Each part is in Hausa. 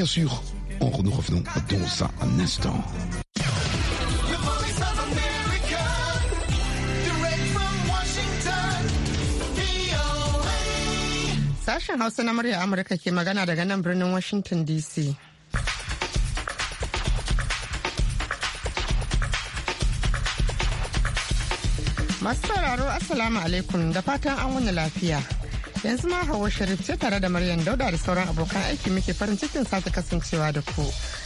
Bien sûr, on, nous revenons dans ça un instant. Sashen Hausa na murya Amurka ke magana daga nan birnin Washington DC. Masu sauraro Assalamu alaikum da fatan an wani lafiya. yanzu ma hawa sharif ce tare da maryam dauda da sauran abokan aiki muke farin cikin sake kasancewa da ku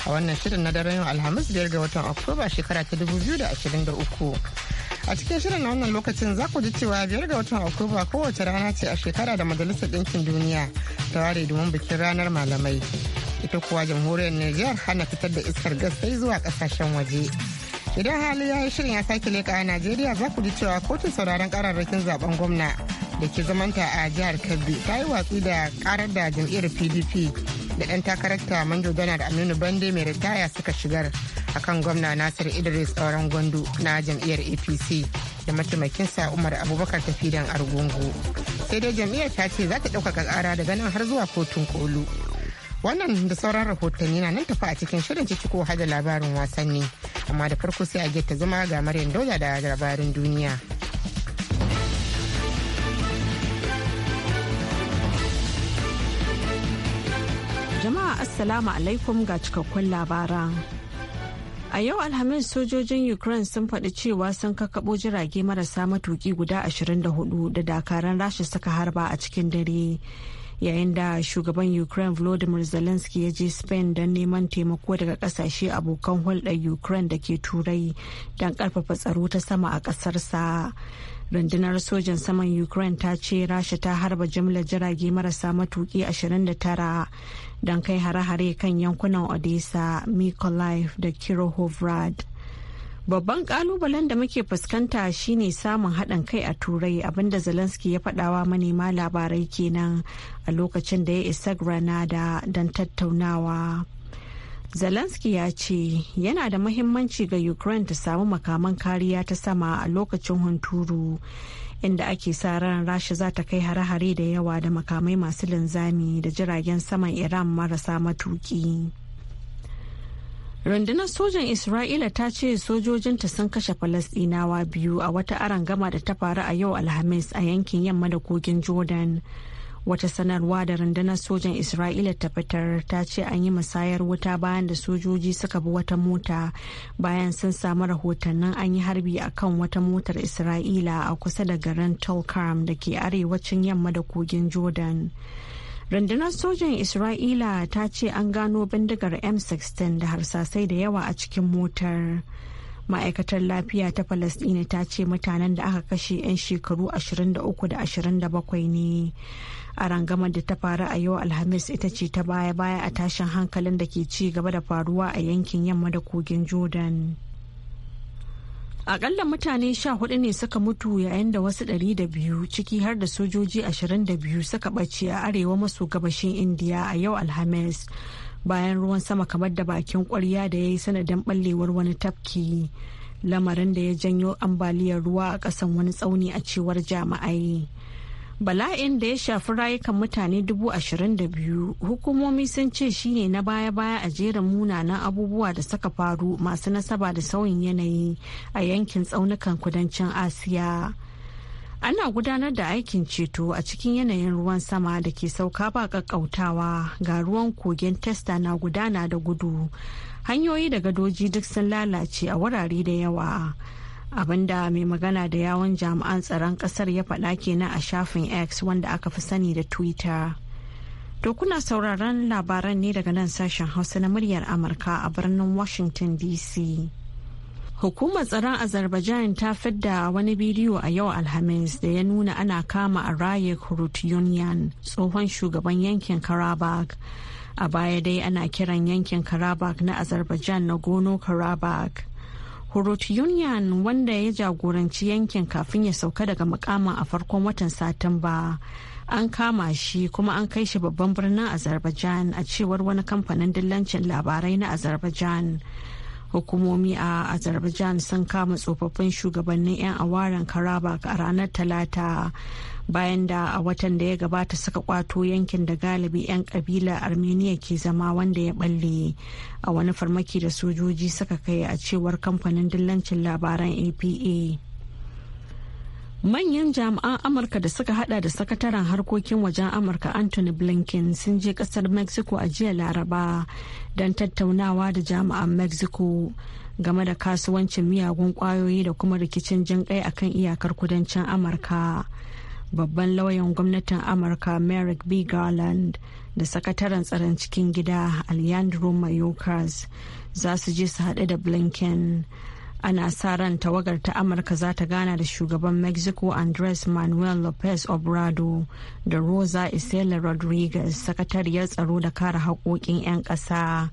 a wannan shirin na daren yau alhamis biyar ga watan oktoba shekara ta dubu biyu da ashirin da uku a cikin shirin na wannan lokacin za ku ji cewa biyar ga watan oktoba kowace rana ce a shekara da majalisar ɗinkin duniya ta ware domin bikin ranar malamai ita kuwa jamhuriyar niger hana fitar da iskar gas sai zuwa ƙasashen waje idan hali ya yi shirin ya sake leka a najeriya za ku ji cewa kotun sauraron kararrakin zaben gwamna da ke zamanta a jihar kebbi ta yi watsi da karar da jam'iyyar pdp da ɗan takararta manjo da aminu bande mai ritaya suka shigar akan gwamna nasir idris auren gwandu na jam'iyyar apc da mataimakinsa umar abubakar tafidan argungu sai dai jam'iyyar ta ce za ta ɗaukaka ƙara daga nan har zuwa kotun kolu Wannan da sauran rahotanni na nan tafi a cikin shirin ciki ko da labarin wasanni. Amma da farko sai a ta zama ga Maryam Dauda da labarin duniya. Jama'a Assalamu alaikum ga cikakkun labaran. A yau Alhamis sojojin Ukraine sun faɗi cewa sun kakkaɓo jirage marasa matuƙi guda 24 da dakaran rasha suka harba a cikin dare. yayin da shugaban ukraine volodymyr zelensky ya je spain don neman taimako daga kasashe abokan hulɗar ukraine da ke turai don karfafa tsaro ta sama a ƙasarsa rundunar sojan saman ukraine ta ce rasha ta harba jimlar jirage marasa matuki 29 don kai hare-hare kan yankunan odessa mykolaiv da kirohovrad Babban kalubalen da muke fuskanta shine samun haɗin kai a turai abinda Zelensky ya faɗawa manema labarai kenan a lokacin da ya isa Granada don tattaunawa. Zelensky ya ce yana da mahimmanci ga Ukraine ta samu makaman kariya ta sama a lokacin hunturu inda ake sa ran rasha za ta kai hare-hare da yawa da makamai masu linzami da jiragen saman Iran marasa matuki. rundunar sojan isra'ila ta ce sojojinta sun kashe falasdinawa biyu a wata gama da ta faru a yau alhamis a yankin yamma da kogin jordan wata sanarwa da rundunar sojan isra'ila ta fitar ta ce an yi musayar wuta bayan da sojoji suka bi wata mota bayan sun samu rahotannin an yi harbi a kan wata motar isra'ila a kusa da garin tulkarm da ke arewacin yamma da kogin jordan rundunar sojan isra'ila ta ce an gano bindigar m16 da harsasai da yawa a cikin motar ma'aikatar lafiya ta falasdina ta ce mutanen da aka kashe 'yan shekaru 23 da 27 ne a rangamar da ta faru a yau alhamis ita ce ta baya-baya a tashin hankalin da ke ci gaba da faruwa a yankin yamma da kogin jordan Akalla mutane sha hudu ne suka mutu yayin da wasu ɗari da biyu ciki har da sojoji ashirin da biyu suka ɓace a arewa maso gabashin Indiya a yau Alhamis bayan ruwan sama kamar da bakin kwarya da ya yi sanadin ɓallewar wani tafki lamarin da ya janyo ambaliyar ruwa a ƙasan wani tsauni a cewar jami'ai. bala'in da ya shafi rayukan mutane dubu ashirin da biyu hukumomi sun ce shine na baya-baya a jerin munanan abubuwa da suka faru masu nasaba da sauyin yanayi a yankin tsaunukan kudancin asiya ana gudanar da aikin ceto a cikin yanayin ruwan sama da ke sauka ba kakkautawa ga ruwan kogin testa na gudana da gudu hanyoyi da gadoji duk sun lalace a wurare da yawa da mai magana da yawon jami'an tsaron kasar ya faɗa kenan a shafin x wanda aka fi sani da twitter to kuna sauraron labaran ne daga nan sashen hausa na muryar amurka a birnin washington dc Hukumar tsaron Azerbaijan ta fidda wani bidiyo a yau Alhamis da ya nuna ana kama a raye union tsohon shugaban yankin Karabakh. A baya dai ana kiran yankin Karabakh na Azerbaijan na Gono Karabakh. Horut Union wanda ya jagoranci yankin kafin ya sauka daga mukamin a farkon watan Satumba. An kama shi kuma an kai shi babban birnin Azerbaijan a cewar wani kamfanin dillancin labarai na Azerbaijan. hukumomi a azerbaijan sun kama tsofaffin shugabannin 'yan awaren karaba a ranar talata bayan da a watan da ya gabata suka kwato yankin da galibi 'yan kabilar armenia ke zama wanda ya balle a wani farmaki da sojoji suka kai a cewar kamfanin dillancin labaran apa manyan jami'an amurka da suka hada da sakataren harkokin wajen amurka anthony blinken sun je kasar mexico a jiya laraba don tattaunawa da jami'an mexico game da kasuwancin miyagun kwayoyi da kuma rikicin jinkai akan iyakar kudancin amurka babban lauyan gwamnatin amurka merrick b garland da sakataren tsaron cikin gida alejandro mayorkas za su je su haɗu da blinken ana sa ran tawagar ta amurka za ta gana da shugaban mexico andres manuel lopez obrado da rosa isela rodriguez sakatariyar tsaro da kare haƙoƙin 'yan ƙasa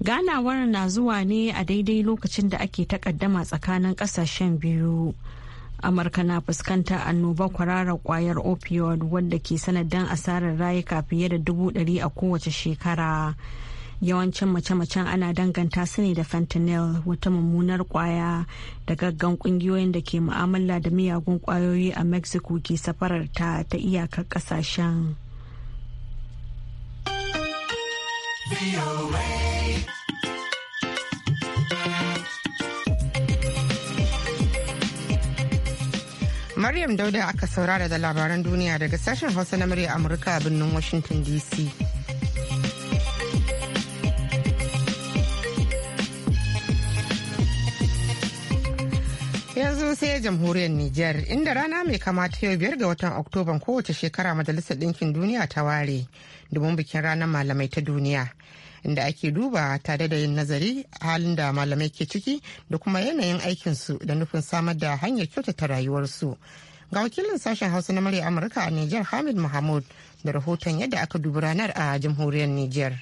ganawar na zuwa ne a daidai lokacin da ake takaddama tsakanin ƙasashen biyu amurka na fuskantar annoba kwararar kwayar opioid wadda ke sanadin asarar rayuka fiye da dubu ɗari a kowace shekara yawancin mace-macen ana danganta su ne da fentanyl wata mummunar kwaya da gaggan kungiyoyin da ke mu'amala da miyagun kwayoyi a mexico ke safarar ta ta iyakar kasashen Maryam Dauda aka saurara da labaran duniya daga sashen Hausa na murya Amurka a birnin Washington DC. yanzu sai jamhuriyar Nijar inda rana mai kamata yau biyar ga watan Oktoban kowace shekara Majalisar Ɗinkin Duniya ta ware domin bikin ranar malamai ta duniya. Inda ake duba tare da yin nazari halin da malamai ke ciki da kuma yanayin aikinsu da nufin samar da hanyar kyautata rayuwarsu. Ga wakilin sashen Hausa na murya Amurka a Nijar Hamid Mahmud da rahoton yadda aka dubi ranar a jamhuriyar Nijar.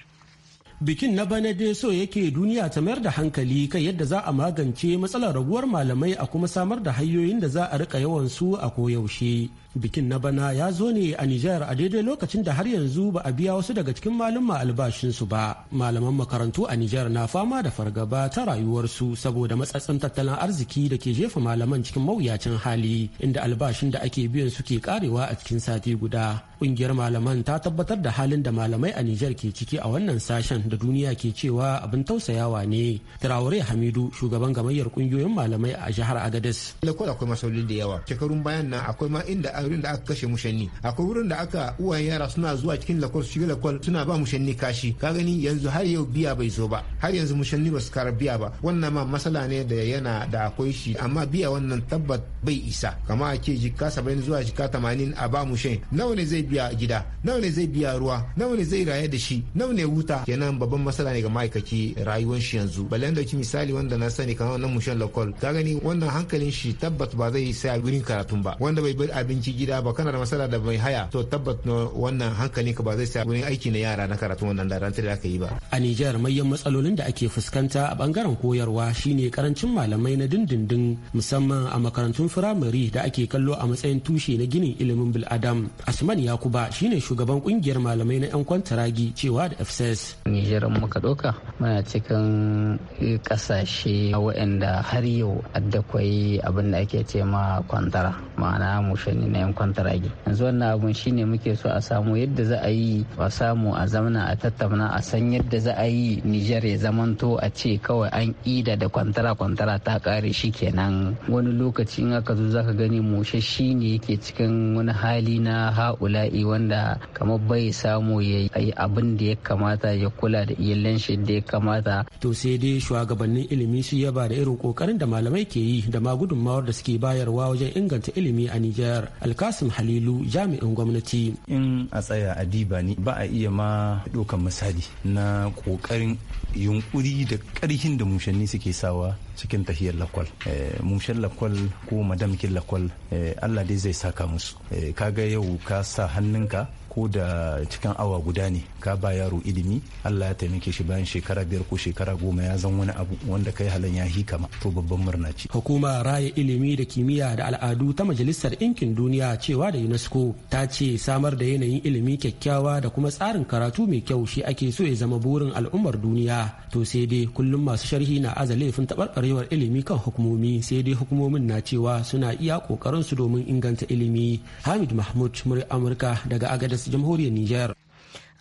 bikin na bana dai so yake duniya ta mayar da hankali kai yadda za a magance matsalar raguwar malamai a kuma samar da hanyoyin da za a rika yawan su a koyaushe bikin na bana ya zo ne a nijar a daidai lokacin da har yanzu ba a biya wasu daga cikin albashin albashinsu ba malaman makarantu a nijar na fama da fargaba ta rayuwarsu saboda matsatsin tattalin arziki da ke jefa malaman cikin mawuyacin hali inda albashin da ake biyan su ke karewa a cikin sati guda ƙungiyar malaman ta tabbatar da halin da malamai a nijar ke ciki a wannan sashen da duniya ke cewa abin tausayawa ne traore hamidu shugaban gamayyar kungiyoyin malamai a jihar agadez lakol akwai masauli da yawa shekarun bayan nan akwai ma inda a da aka kashe mushanni akwai wurin da aka uwayen yara suna zuwa cikin lakol su suna ba mushanni kashi ka gani yanzu har yau biya bai zo ba har yanzu mushanni ba su kara biya ba wannan ma masala ne da yana da akwai shi amma biya wannan tabbat bai isa kama ake jikka saba'in zuwa jika tamanin a ba mushe nawa ne zai biya gida nawa ne zai biya ruwa nawa ne zai raye da shi nawa ne wuta kenan wannan babban matsala ne ga ma'aikaci rayuwar shi yanzu balle da ki misali wanda na sani kamar wannan mushen lokal ka gani wannan hankalin shi tabbat ba zai sai a gurin karatun ba wanda bai bar abinci gida ba kana da matsala da mai haya to tabbat wannan hankalin ka ba zai sai a gurin aiki na yara na karatun wannan da rantar da yi ba a Nijar mayan matsalolin da ake fuskanta a bangaren koyarwa shine karancin malamai na dindindin musamman a makarantun firamare da ake kallo a matsayin tushe na ginin ilimin bil'adam asman yakuba shine shugaban kungiyar malamai na yan kwantaragi cewa da fss Nijar muka ɗauka muna cikin ƙasashe waɗanda har yau addakwai abin da ake ce ma kwantara ma'ana mushani na 'yan kwantaragi yanzu wannan abun shine muke so a samu yadda za a yi a samu a zamana a tattauna a san yadda za a yi Nijar ya zamanto a ce kawai an ida da kwantara kwantara ta kare shi kenan wani lokaci in aka zo zaka gani shi ne yake cikin wani hali na ha'ula'i wanda kamar bai samu ya yi abin da ya kamata ya kula kula da iyalan shi da ya kamata. To sai dai shugabannin ilimi su yaba da irin kokarin da malamai ke yi da ma gudunmawar da suke bayarwa wajen inganta ilimi a Nijar. Alkasim Halilu jami'in gwamnati. In a tsaya a diba ni ba a iya ma dokan misali na kokarin yunkuri da karhin da mushanni suke sawa cikin tahiyar lakwal eh, Mushan lakwal ko madamkin lakwal eh, allah dai zai saka musu eh, ka ga yau ka sa hannunka ko da cikin awa guda ne ka ba yaro ilimi allah ya taimake shi bayan shekara biyar ko shekara goma ya zan wani abu wanda kai halin ya hi kama to babban murna ce Hukuma, raya ilimi da kimiyya da al'adu ta majalisar ɗinkin duniya cewa da unesco ta ce samar da yanayin ilimi kyakkyawa da kuma tsarin karatu mai kyau shi ake so ya zama burin al'ummar duniya to sai dai kullum masu sharhi na aza laifin taɓarɓarewar ilimi kan hukumomi sai dai hukumomin na cewa suna iya ƙoƙarinsu domin inganta ilimi hamid mahmud murya amurka daga agadas jamhuriyar nijar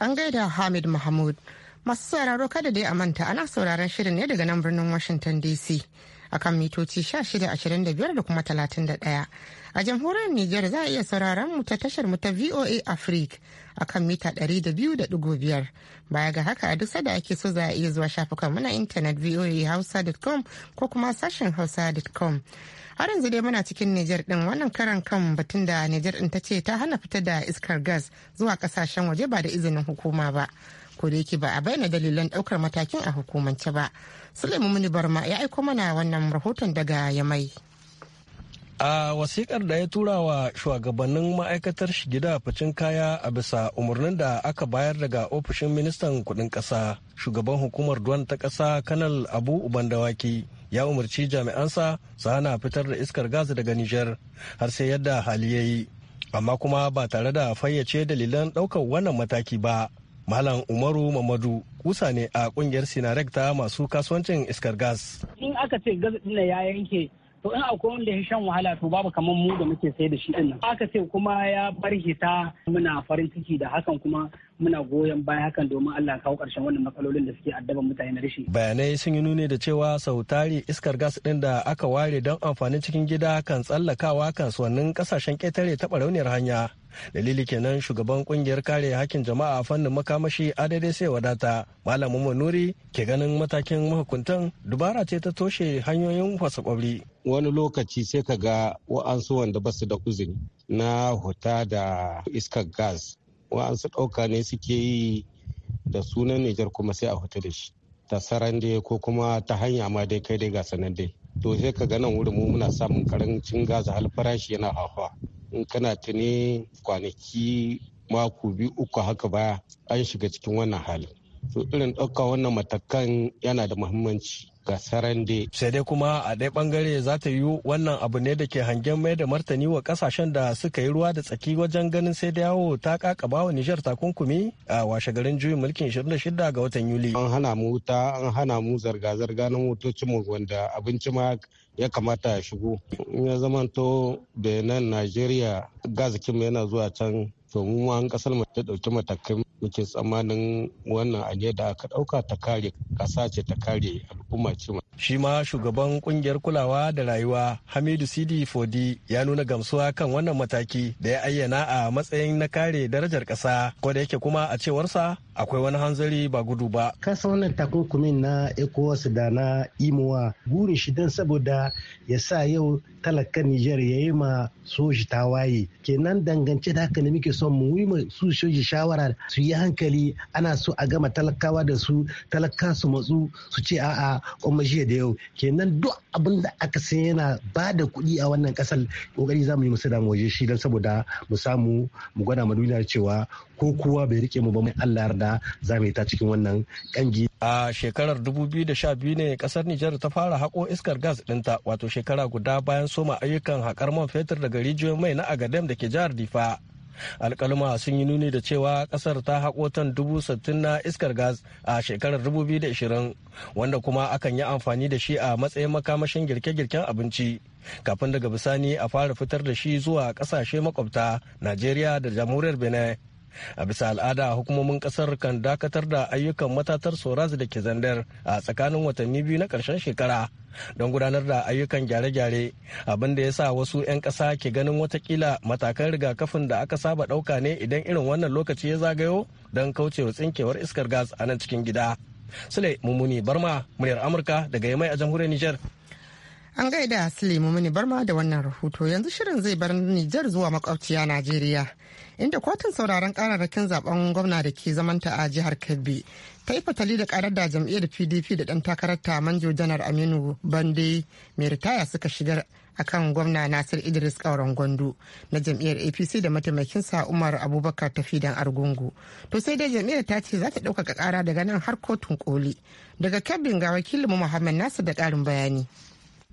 an gaida hamid mahmud masu sauraro kada dai a manta ana sauraron shirin ne daga nan birnin washington dc a kan mitoci 1625 da kuma 31. A jamhuriyar Nijar za a iya sauraron mu ta tashar mu ta VOA a kan mita 200.5. Baya ga haka a duk sada ake so za a iya zuwa shafukan muna intanet voahausa.com ko kuma sashen hausa.com. har yanzu dai muna cikin Nijar din wannan karan kan batun da Nijar din ta ce ta hana fita da iskar gas zuwa kasashen waje ba da izinin hukuma ba. ko da yake ba a bayyana dalilan daukar matakin a hukumance ba sulaimu muni barma ya aiko mana wannan rahoton daga yamai a wasikar da ya tura wa shugabannin ma'aikatar shige da ficin kaya a bisa umarnin da aka bayar daga ofishin ministan kudin kasa shugaban hukumar duwan ta kasa kanal abu ubandawaki ya umarci jami'ansa su hana fitar da iskar gas daga nijar har sai yadda hali ya yi amma kuma ba tare da fayyace dalilan ɗaukar wannan mataki ba Malam Umaru Mamadu kusa ne a kungiyar Sinarek ta masu kasuwancin iskar gas. In aka ce gas din ya yanke to in akwai wanda ya shan wahala to babu kamar mu da muke sai da shi din nan aka ce kuma ya bar hita muna farin ciki da hakan kuma muna goyon baya hakan domin Allah kawo ƙarshen wannan matsalolin da suke addaban mutane na rashi. Bayanai sun yi nuni da cewa Sautari iskar gas ɗin da aka ware don amfanin cikin gida kan tsallakawa kan kasuwannin ƙasashen ƙetare ta barauniyar hanya. Dalili kenan shugaban kungiyar kare hakkin jama'a a fannin makamashi adade sai wadata. Malam Nuri ke ganin matakin mahukuntan dubara ce ta toshe hanyoyin wasu kwabri. Wani lokaci sai ka ga wa'ansu wanda basu da uzuri na huta da iskar gas wa'ansu ɗauka ne suke yi da sunan Nijar kuma sai a hutu da shi ta saran dai ko kuma ta hanya ma dai kai dai ga sanar dai to sai ka ga nan wurin mu muna samun karancin gaza hal farashi yana hawa in kana tuni kwanaki mako bi uku haka baya an shiga cikin wannan hali. to irin ɗauka wannan matakan yana da muhimmanci ga sarande. Sai dai kuma a ɗaya ɓangare za ta yiwu wannan abu ne da ke hangen mai da martani wa kasashen da suka yi ruwa da tsaki wajen ganin sai da yawo ta kakaba wa Nijar takunkumi a washe garin juyin mulkin 26 ga watan Yuli. An hana mu wuta, an hana mu zarga-zarga na motocin mu wanda abinci ma ya kamata ya shigo. In ya zamanto Benin, Najeriya, gazikin yana zuwa can to mu ma an kasar mu ta dauki matakai muke tsammanin wannan aje da aka dauka ta kare kasa ce ta kare al'umma ce shi ma shugaban kungiyar kulawa da rayuwa Hamidu Sidi Fodi ya nuna gamsuwa kan wannan mataki da ya ayyana a matsayin na kare darajar kasa ko da yake kuma a cewarsa akwai wani hanzari ba gudu ba kasa wannan takunkumin na ECOWAS da na imowa burin shi don saboda ya sa yau talakan Nijar ya yi ma soji ta waye kenan dangance da haka ne muke son mu yi ma su soji shawara su yi hankali ana so a gama talakawa da su talaka su matsu su ce a'a kuma jiya da yau kenan duk abin da aka san yana ba da kuɗi a wannan ƙasar kokari za mu yi musu da waje shi don saboda mu samu mu gwada mu duniya cewa ko kowa bai rike mu ba mai Allah yarda za mu yi ta cikin wannan kangi. A shekarar 2012 ne kasar Nijar ta fara hako iskar gas ɗinta wato shekara guda bayan soma ayyukan haƙar man fetur daga rijiyoyin mai na agadem da ke jihar difa alkaluma sun yi nuni da cewa kasar ta haƙo tan dubu sittin na iskar gas a shekarar dubu biyu da ishirin wanda kuma akan yi amfani da shi a matsayin makamashin girke-girken abinci kafin daga bisani a fara fitar da shi zuwa ƙasashe makwabta najeriya da jamhuriyar benin a bisa al'ada hukumomin kasar kan dakatar da ayyukan matatar soraz da ke zandar a tsakanin watanni biyu na ƙarshen shekara don gudanar da ayyukan gyare-gyare abin da ya sa wasu 'yan ƙasa ke ganin watakila matakan rigakafin da aka saba ɗauka ne idan irin wannan lokaci ya zagayo don kaucewa tsinkewar iskar gas a nan cikin gida. Sule Mummuni Barma, muryar Amurka daga Yamai a jamhuriyar Nijar. An gaida Suleiman Mini Barma da wannan rahoto yanzu shirin zai bar Nijar zuwa makwabciya Najeriya inda kotun sauraron kararrakin zaben gwamna da ke zamanta a jihar Kebbi ta yi fatali da karar da jam'iyyar PDP da dan takarar Manjo Janar Aminu Bande mai ritaya suka shigar akan gwamna Nasir Idris Kauran Gwandu na jam'iyyar APC da mataimakinsa Umar Abubakar fidan Argungu. To sai dai jam'iyyar ta ce za ta ɗaukaka kara daga nan har kotun koli. Daga Kebbi ga wakilinmu Muhammad Nasir da ƙarin bayani.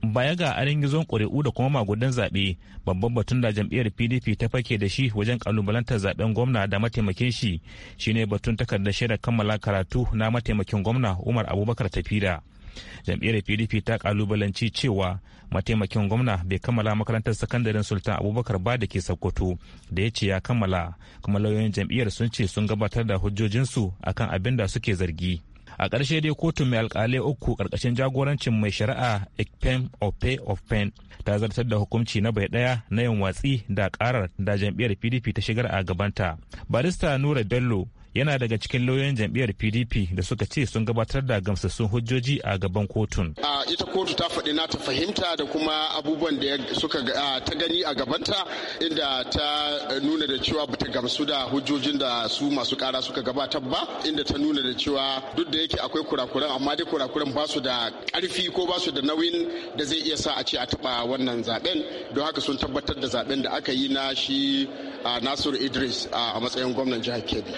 baya ga arin gizon ƙuri'u da kuma magudan zaɓe babban batun da jam'iyyar pdp ta fake da shi wajen kalubalantar zaɓen gwamna da mataimakin shi shine batun takardar shaidar kammala karatu na mataimakin gwamna umar abubakar tafida jam'iyyar pdp ta kalubalanci cewa mataimakin gwamna bai kammala makarantar sakandaren sultan abubakar ba da ke sokoto da ya ce ya kammala kuma lauyoyin jam'iyyar sun ce sun gabatar da hujjojinsu akan abin da suke zargi a ƙarshe dai kotun mai alƙalai uku ƙarƙashin jagorancin mai shari'a ekpem ope open ta zartar da hukunci na bai ɗaya na yin watsi da ƙarar da jam'iyyar pdp ta shigar a gabanta barista nura bello yana daga cikin lauyoyin jam'iyyar pdp da suka ce sun gabatar da gamsassun hujjoji a gaban kotun ita kotu ta faɗi na ta fahimta da kuma abubuwan da suka ta gani a gabanta inda ta eh, nuna da cewa bata gamsu da hujjojin da su masu kara suka gabatar ba inda ta nuna da cewa duk da yake akwai kurakuran amma dai kurakuran ba su da karfi ko ba su da nauyin da zai iya sa a ce a taɓa wannan zaben don haka sun tabbatar da zaben da aka yi na shi nasiru idris a matsayin gwamnan jihar kebbi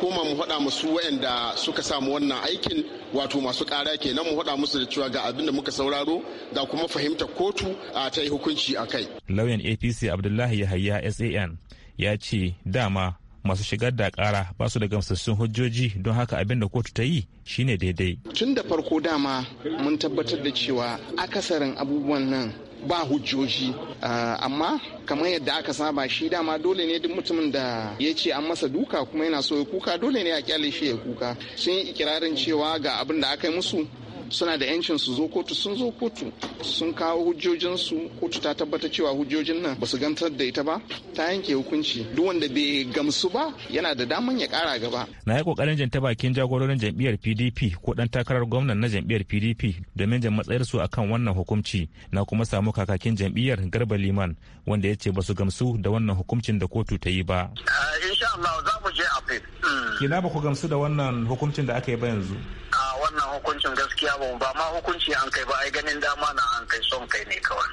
koma mu faɗa musu waɗanda suka samu wannan aikin wato masu ƙara kenan mu faɗa musu da cewa ga abin da muka sauraro ga kuma fahimta kotu a ta yi hukunci a kai. Lauyan APC Abdullahi Yahaya SAN ya ce dama masu shigar da kara ba su da gamsassun hujjoji don haka abin da kotu ta yi shine daidai. Tun da farko dama mun tabbatar da cewa akasarin abubuwan nan ba hujjoji ah, amma kamar yadda aka saba shi dama dole ne duk mutumin da ya ce an masa duka kuma yana so ya kuka dole ne a kyale shi ya kuka sun yi ikirarin cewa ga abin da aka yi musu suna da yancin su zo kotu sun zo kotu sun kawo hujjojinsu kotu ta tabbata cewa hujjojin nan ba su gantar da ita ba ta yanke hukunci duk wanda bai gamsu ba yana da daman ya kara gaba na yi kokarin jan bakin jagororin jam'iyyar pdp ko dan takarar gwamnan na jam'iyyar pdp domin jan su akan wannan hukunci na kuma samu kakakin jam'iyyar garba liman wanda ya ce ba su gamsu da wannan hukuncin da kotu ta yi ba eh, insha Allah za mu je a hmm. kina ba ku gamsu da wannan hukuncin da aka yi ba yanzu ah, wannan hukuncin gaskiya ba ba ma hukunci an kai ba ai ganin dama na an kai son kai ne kawai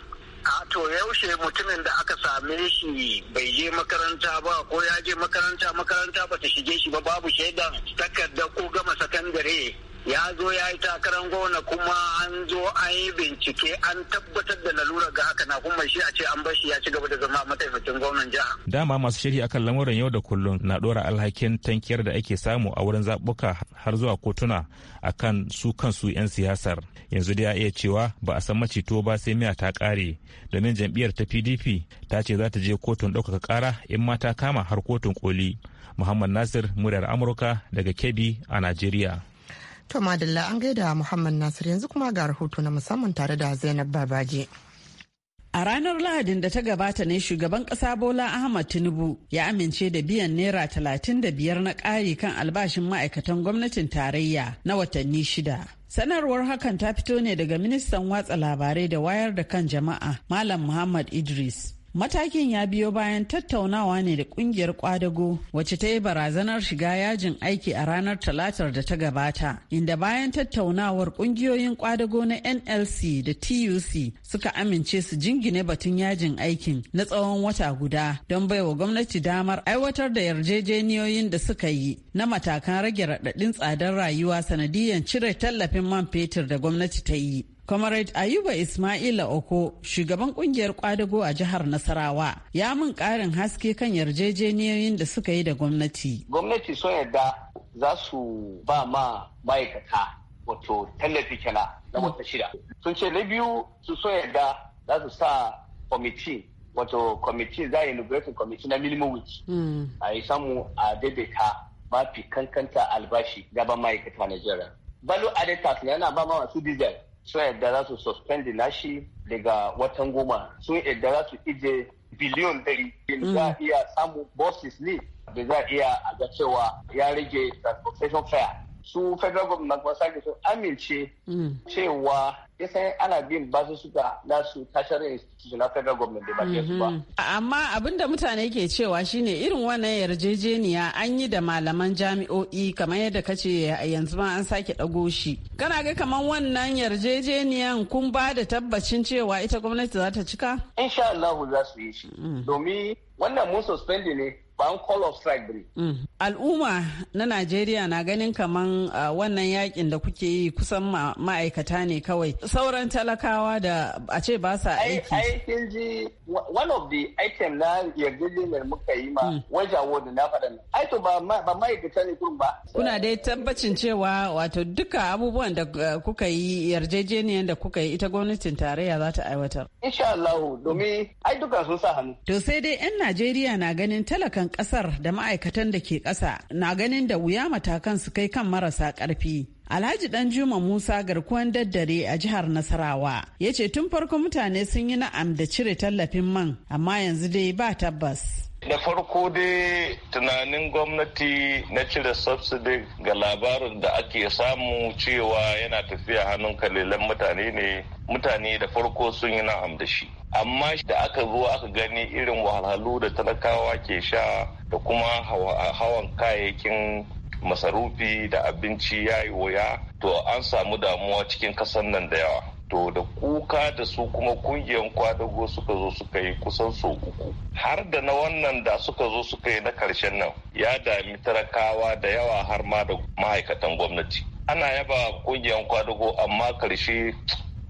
a to yaushe mutumin da aka same shi bai je makaranta ba ko ya je makaranta makaranta ba ta shige shi ba babu shaidan takarda ko gama sakandare ya zo ya yi takarar gona kuma an zo an yi bincike an tabbatar da lalura ga haka na kuma shi a ce an bashi ya ci gaba da zama mataimakin gwamnan jiha. Dama masu shiri akan lamuran yau da kullum na ɗora alhakin tankiyar da ake samu a wurin zaɓuka har zuwa kotuna akan su kansu 'yan siyasar. Yanzu da ya iya cewa ba a san macito ba sai miya ta ƙare domin jam'iyyar ta PDP ta ce za ta je kotun ɗaukaka ƙara in ma ta kama har kotun koli. Muhammad Nasir muryar Amurka daga Kebbi a Najeriya. To Madalla an gaida Muhammad Nasir yanzu kuma ga rahoto na musamman tare da Zainab Babaje. A ranar Lahadin da ta gabata ne shugaban ƙasa Bola Ahmad Tinubu ya amince da biyan Naira talatin da biyar na ƙari kan albashin ma'aikatan gwamnatin tarayya na watanni shida. Sanarwar hakan ta fito ne daga ministan watsa labarai da wayar da kan jama'a Malam Muhammad Idris. Matakin ya biyo bayan tattaunawa ne da kungiyar kwadago wacce ta yi barazanar shiga yajin aiki a ranar talatar da ta gabata, inda bayan tattaunawar kungiyoyin kwadago na NLC da TUC suka amince su jingine batun yajin aikin na tsawon wata guda don baiwa gwamnati damar aiwatar da yarjejeniyoyin da suka yi na matakan rage raɗaɗin tsadar rayuwa sanadiyar cire tallafin man fetur da gwamnati ta yi. Comrade Ayuba Ismaila Oko, shugaban kungiyar kwadago a jihar Nasarawa, ya mun karin haske kan yarjejeniyoyin da suka yi da gwamnati. Gwamnati so yadda za su ba ma ma'aikata wato tallafi kenan na wata shida. Sun ce na biyu su so yadda za su sa kwamiti wato kwamiti za a inaugurating kwamiti na minimum wage. Hmm. A yi samu a daidaita mafi kankanta albashi gaban ma'aikata Najeriya. Balu added yana ba ma masu diesel sun yadda za su suspendi nashi daga watan goma sun yadda za su ije biliyon ɗari za mm. a iya samun bosses ne da za iya a ga cewa ya rage transportation fare su federal government ba sake su amince mm. cewa ya san ana bin basu suka na su tashar institution na federal government da ba su ba. Mhm. Amma abin mutane ke cewa shine irin wannan yarjejeniya an yi da malaman jami'o'i kamar yadda ka ce yanzu ma an sake ɗago shi. Kana ga kamar wannan yarjejeniyan kun ba da tabbacin cewa ita gwamnati za ta cika? Insha Allah za su yi shi. Mm. Domin wannan mun suspendi ne ba call of strike bane. Mm. Al'umma na Najeriya na ganin kaman uh, wannan yakin da kuke yi kusan ma'aikata ne kawai. Sauran talakawa da a ce ba sa aiki. Ai, kin ji one of the item na yarjejeniyar muka yi ma mm. wajen award na faɗa Ai to ba ma'aikata ne kun ba. Kuna dai tabbacin cewa wato duka abubuwan da uh, kuka yi yarjejeniyar da kuka yi ita gwamnatin tarayya za ta aiwatar. Insha Allah domin ai duka sun sa hannu. To sai dai 'yan Najeriya na ganin talakan gwamnan kasar da ma'aikatan da ke kasa na ganin da wuya matakan su kai kan marasa ƙarfi. Alhaji Danjuma Musa garkuwan daddare a jihar Nasarawa ya ce tun farko mutane sun yi na'am da cire tallafin man amma yanzu dai ba tabbas. Da farko dai tunanin gwamnati na cire subsidy ga labarin da ake samu cewa yana tafiya hannun kalilan mutane ne mutane da farko sun yi na'am da shi. Amma da aka zo aka gani irin wahalhalu da talakawa ke sha da kuma hawan kayayyakin masarufi da abinci ya yi wuya to an samu damuwa cikin kasan nan da yawa. to da kuka da su kuma kungiyan kwadago suka zo suka yi kusan so uku har da na wannan da suka zo suka yi na karshen nan ya dami talakawa da yawa har ma da ma'aikatan gwamnati ana yaba kungiyan kwadago amma karshe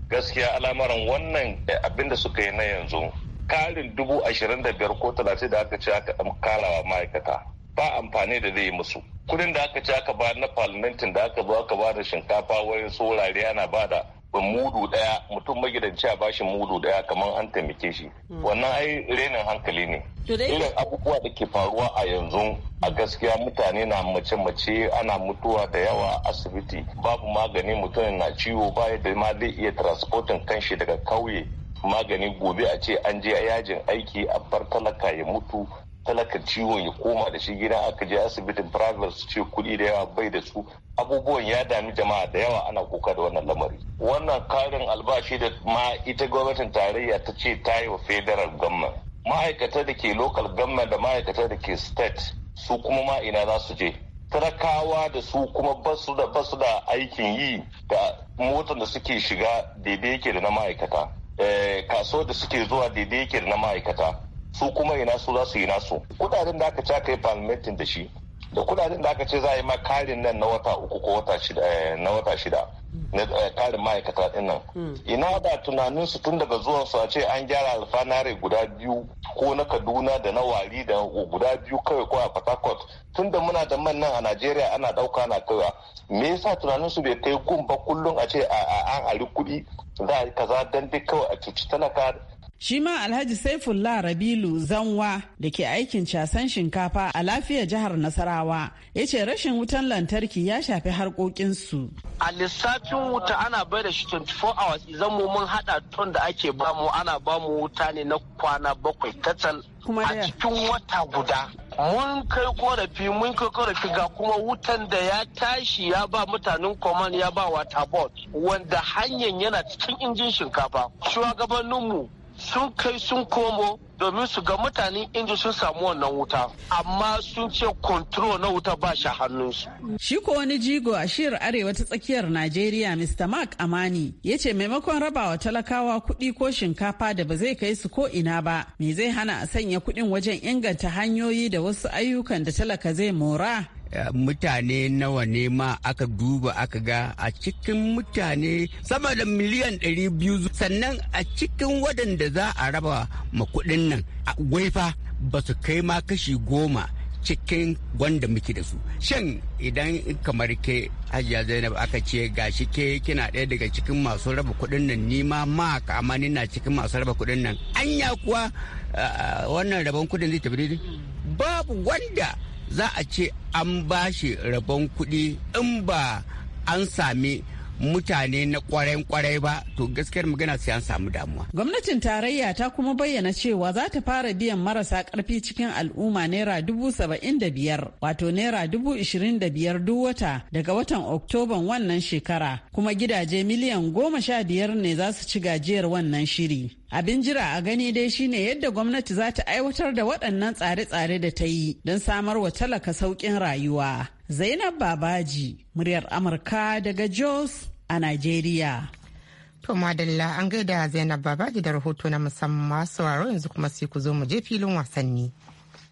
gaskiya alamaran wannan eh, abin da suka yi na yanzu karin dubu ashirin da biyar ko talatin da aka ce aka kalawa ma'aikata ba amfani da zai musu kudin da aka ce aka ba na parliamentin da aka zo aka ba da shinkafa wayan su ana ba mudu daya mutum magidanci a bashi mudu daya kamar an taimake shi hmm. wannan ai renin hankali ne irin abubuwa da ke faruwa a yanzu a gaskiya mutane na mace-mace ana mutuwa da yawa asibiti babu magani mutum na ciwo baya da ma zai iya transportin kanshi daga kauye magani gobe a ce an je yajin aiki a bar talaka ya mutu talakan ciwon ya koma da shi gida aka je asibitin private su ce kuɗi da yawa bai da su abubuwan ya dami jama'a da yawa ana kuka da wannan lamari wannan karin albashi da ma ita gwamnatin tarayya ta ce ta yi wa federal government ma'aikata da ke local government da ma'aikata da ke state su kuma ma ina za su je talakawa da su kuma basu da basu da aikin yi da motar da suke shiga daidai yake da na ma'aikata eh, kasuwar da suke zuwa daidai yake da na ma'aikata su kuma ina su za su yi nasu kudaden da aka ce aka yi palmetin da shi da kudaden da aka ce za a yi ma karin nan na wata uku ko wata eh, na wata shida na eh, karin ma'aikata din nan hmm. ina da tunanin su tun daga zuwan su a ce an gyara alfanare guda biyu ko na kaduna da na wari da guda biyu kawai ko a port tun da muna da man nan a najeriya ana dauka na kawa me yasa tunanin su bai kai gun ba kullum a ce an ari kudi za a yi kaza dan dai kawai a cuci talaka Shi ma Alhaji Saifullah Rabilu Zanwa da ke aikin casan shinkafa a lafiyar jihar Nasarawa ya ce rashin wutan lantarki ya shafi harkokinsu. A lissafin wuta ana bai da shi 24 hours idan mu mun hada ton da ake bamu ana bamu wuta ne na kwana bakwai tatal a cikin wata guda. Mun kai korafi mun kai korafi ga kuma wutan da ya tashi ya ba mutanen koman ya ba wata bot wanda hanyar yana cikin injin shinkafa. Shugabanninmu sun kai sun komo domin su ga mutane inji sun samu wannan wuta amma sun ce kontrol na wuta ba shi hannunsu. Shi ko wani jigo a shiyar arewa ta tsakiyar Najeriya Mr. Mark Amani ya ce maimakon rabawa talakawa kuɗi ko shinkafa da ba zai kai su ko ina ba me zai hana a sanya kuɗin wajen inganta hanyoyi da wasu ayyukan da talaka zai mora Eh, mutane nawa ne ma aka duba aka ga a cikin mutane sama da miliyan 200 sannan a cikin waɗanda za a raba ma kuɗin nan gwaifa ba su kai ma kashi goma cikin gwanda muke da su shan idan kamar ke hajiya zainab aka ce gashi ke kina ɗaya daga cikin masu raba kuɗin nan ni ma ma kama na cikin masu raba kuɗin nan anya kuwa eh, wannan rabon kuɗin zai tafi babu wanda za a ce an ba shi rabon kuɗi in ba an sami mutane na kwarai-kwarai ba to gaskiyar magana sai an samu damuwa. Gwamnatin tarayya ta kuma bayyana cewa za ta fara biyan marasa karfi cikin al'umma naira dubu saba'in da biyar wato naira dubu ishirin da biyar duk wata daga watan oktoban wannan shekara kuma gidaje miliyan goma sha biyar ne za su ci gajiyar wannan shiri. Abin jira a gani dai shine yadda gwamnati za ta aiwatar da waɗannan tsare-tsare da ta yi don samar wa talaka sauƙin rayuwa. Zainab Babaji, muryar Amurka daga Jos a Najeriya. To madalla an gaida Zainab Babaji da rahoto na musamman sauraro yanzu kuma sai ku zo mu je filin wasanni.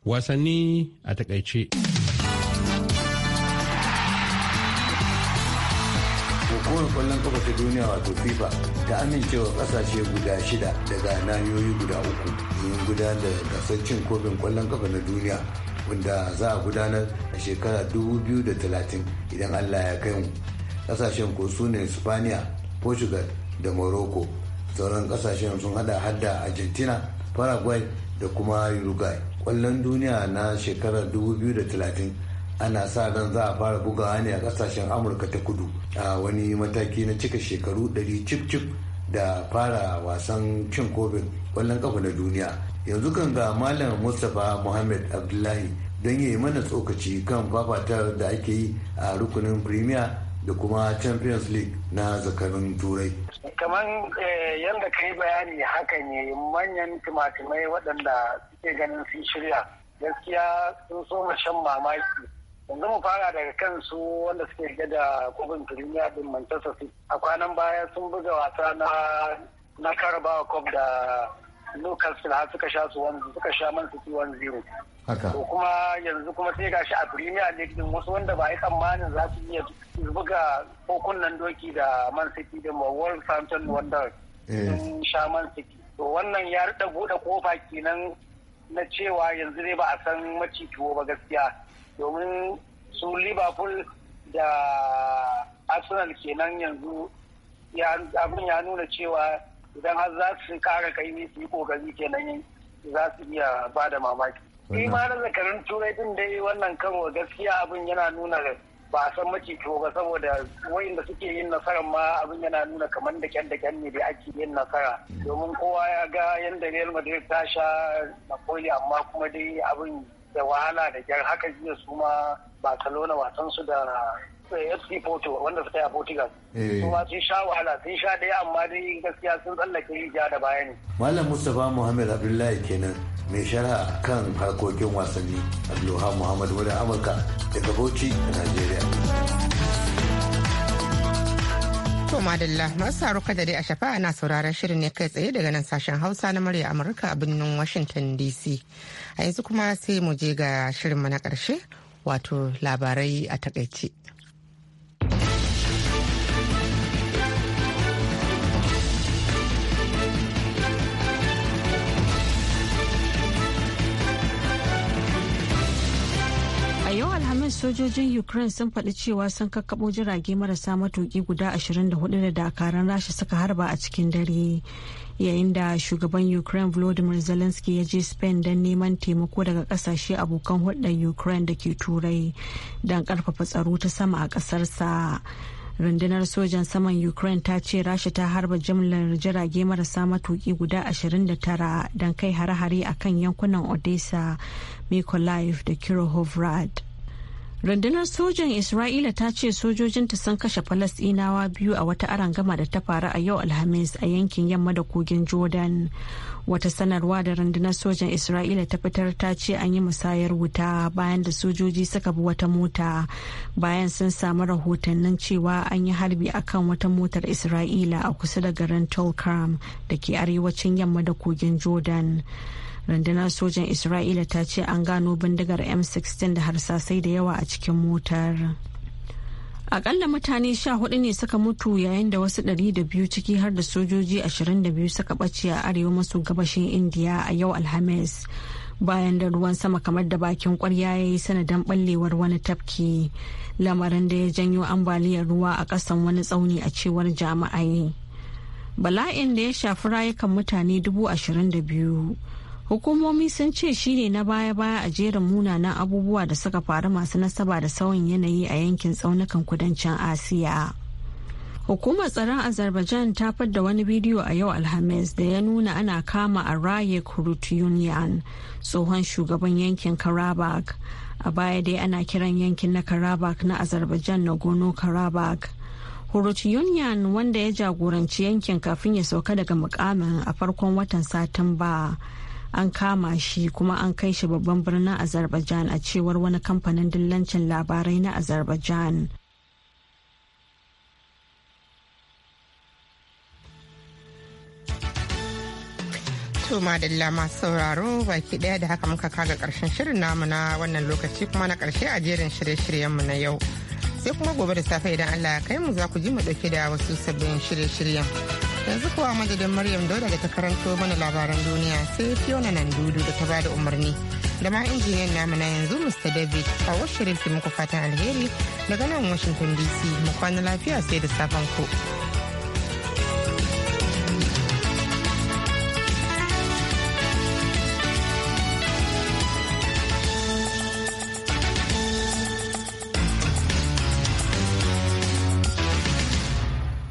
Wasanni a takaice. hukumar kwallon kafa ta duniya wato fifa ta amincewa kasashe guda shida daga nahiyoyi guda uku domin gudanar da gasar cin kofin kwallon kafa na duniya wanda za a gudanar a shekara 2030 idan allah ya kai mu kasashen ko su ne spaniya portugal da morocco sauran kasashen sun hada hada argentina paraguay da kuma uruguay kwallon duniya na shekarar 2030 ana sa ran za a fara bugawa ne a kasashen amurka ta kudu a wani mataki na cika shekaru 100 cip cip da fara wasan cin kofin kwallon kafa na duniya yanzu kan ga malam mustapha muhammad abdullahi don ya yi mana tsokaci kan fafatar da ake yi a rukunin premier da kuma champions league na zakarun turai kamar eh, yadda ka yi bayani haka ne manyan timatimai waɗanda suke ganin sun shirya gaskiya sun so shan mamaki yanzu mu fara daga kansu wanda suke gada da kofin premier din manchester city a kwanan baya sun buga wasa na na carabao cup da local su har suka sha su wanzu suka sha man su ciwon zero to kuma yanzu kuma sai gashi a premier league din wasu wanda ba yi tsammanin za su iya buga kokunan doki da man city din ba world champion wanda eh. sun sha man city to wannan ya rika buɗe kofa kenan na cewa yanzu dai ba a san macikiwo ba gaskiya domin su liverpool da arsenal kenan yanzu abin ya nuna cewa idan har za su kara kaimi su yi kokari kenan za su iya ba da mamaki ni ma na zakarin turai din dai wannan karo gaskiya abin yana nuna ba a san macito ba saboda wayanda suke yin nasarar ma abin yana nuna kamar da kyan da kyan ne da ake yin nasara domin kowa ya ga yadda real madrid ta sha napoli amma kuma dai abin da wahala da kyar haka jiya su ma barcelona wasan su da FC Porto wanda suka yi a Portugal. Eh. Su sun sha wahala sun sha ɗaya amma dai gaskiya sun tsallake rijiya da bayani. Malam Mustapha Muhammad Abdullahi kenan mai sharha kan harkokin wasanni Abdullahi Muhammad wurin Amurka daga Bauchi a Najeriya. To madalla masu saruka da dai a shafa ana sauraron shirin ne kai tsaye daga nan sashen Hausa na murya Amurka a birnin Washington DC. A yanzu kuma sai mu je ga shirinmu na karshe wato labarai a takaice. sojojin Ukraine sun faɗi cewa sun kakkaɓo jirage marasa matuƙi guda 24 da dakaran rasha suka harba a cikin dare. Yayin da shugaban Ukraine Volodymyr Zelensky ya je Spain don neman taimako daga kasashe abokan hulɗar Ukraine da ke turai don karfafa tsaro ta sama a ƙasarsa. rundunar sojan saman ukraine ta ce rasha ta harba jimlar jirage marasa matuki guda 29 don kai hare-hare a kan yankunan odessa mykolaiv da kirohovrad rundunar sojan isra'ila ta ce sojojinta sun kashe falasdinawa biyu a wata arangama da ta faru a yau alhamis a yankin yamma da kogin jordan wata sanarwa da rundunar sojan isra'ila ta fitar ta ce an yi musayar wuta bayan da sojoji suka bi wata mota bayan sun samu rahotannin cewa an yi harbi akan wata motar isra'ila a kusa da garin tolkram da ke arewacin yamma da kogin jordan rundunar sojan isra'ila ta ce an gano bindigar m16 da harsasai da yawa a cikin motar akalla mutane sha hudu ne suka mutu yayin da wasu ɗari da biyu ciki har da sojoji ashirin da biyu suka ɓace a arewa maso gabashin indiya a yau alhamis bayan da ruwan sama kamar da bakin kwarya ya yi sanadin ɓallewar wani tafki lamarin da ya janyo ambaliyar ruwa a ƙasan wani tsauni a cewar jama'ai bala'in da ya shafi rayukan mutane dubu ashirin da biyu hukumomi sun ce shine na baya-baya a jerin munanan abubuwa da suka faru masu nasaba da sauyin yanayi a yankin tsaunukan kudancin asiya hukumar tsaron azerbaijan ta fadda wani bidiyo a yau alhamis da ya nuna ana kama a raye kurut union tsohon shugaban yankin karabak a baya dai ana kiran yankin na karabak na azerbaijan na gono karabak Hurut Union wanda ya jagoranci yankin kafin ya sauka daga mukamin a farkon watan Satumba an kama shi kuma an kai shi babban birnin azerbaijan a cewar wani kamfanin dillancin labarai na azerbaijan to madalla masu sauraro baki daya da haka muka kaga karshen shirin namu na wannan lokaci kuma na karshe a jerin shirye-shiryenmu na yau sai kuma gobe da safe idan allah ya kai mu za ku ji mu dauke da wasu sabbin shirye-shiryen yanzu kuwa madadin maryam dole da ta karanto mana labaran duniya sai fiona nan dudu da ta bada umarni da ma injiniyan namu na yanzu mr david a washirin muku fatan alheri daga nan washington dc mu kwana lafiya sai da safen ku.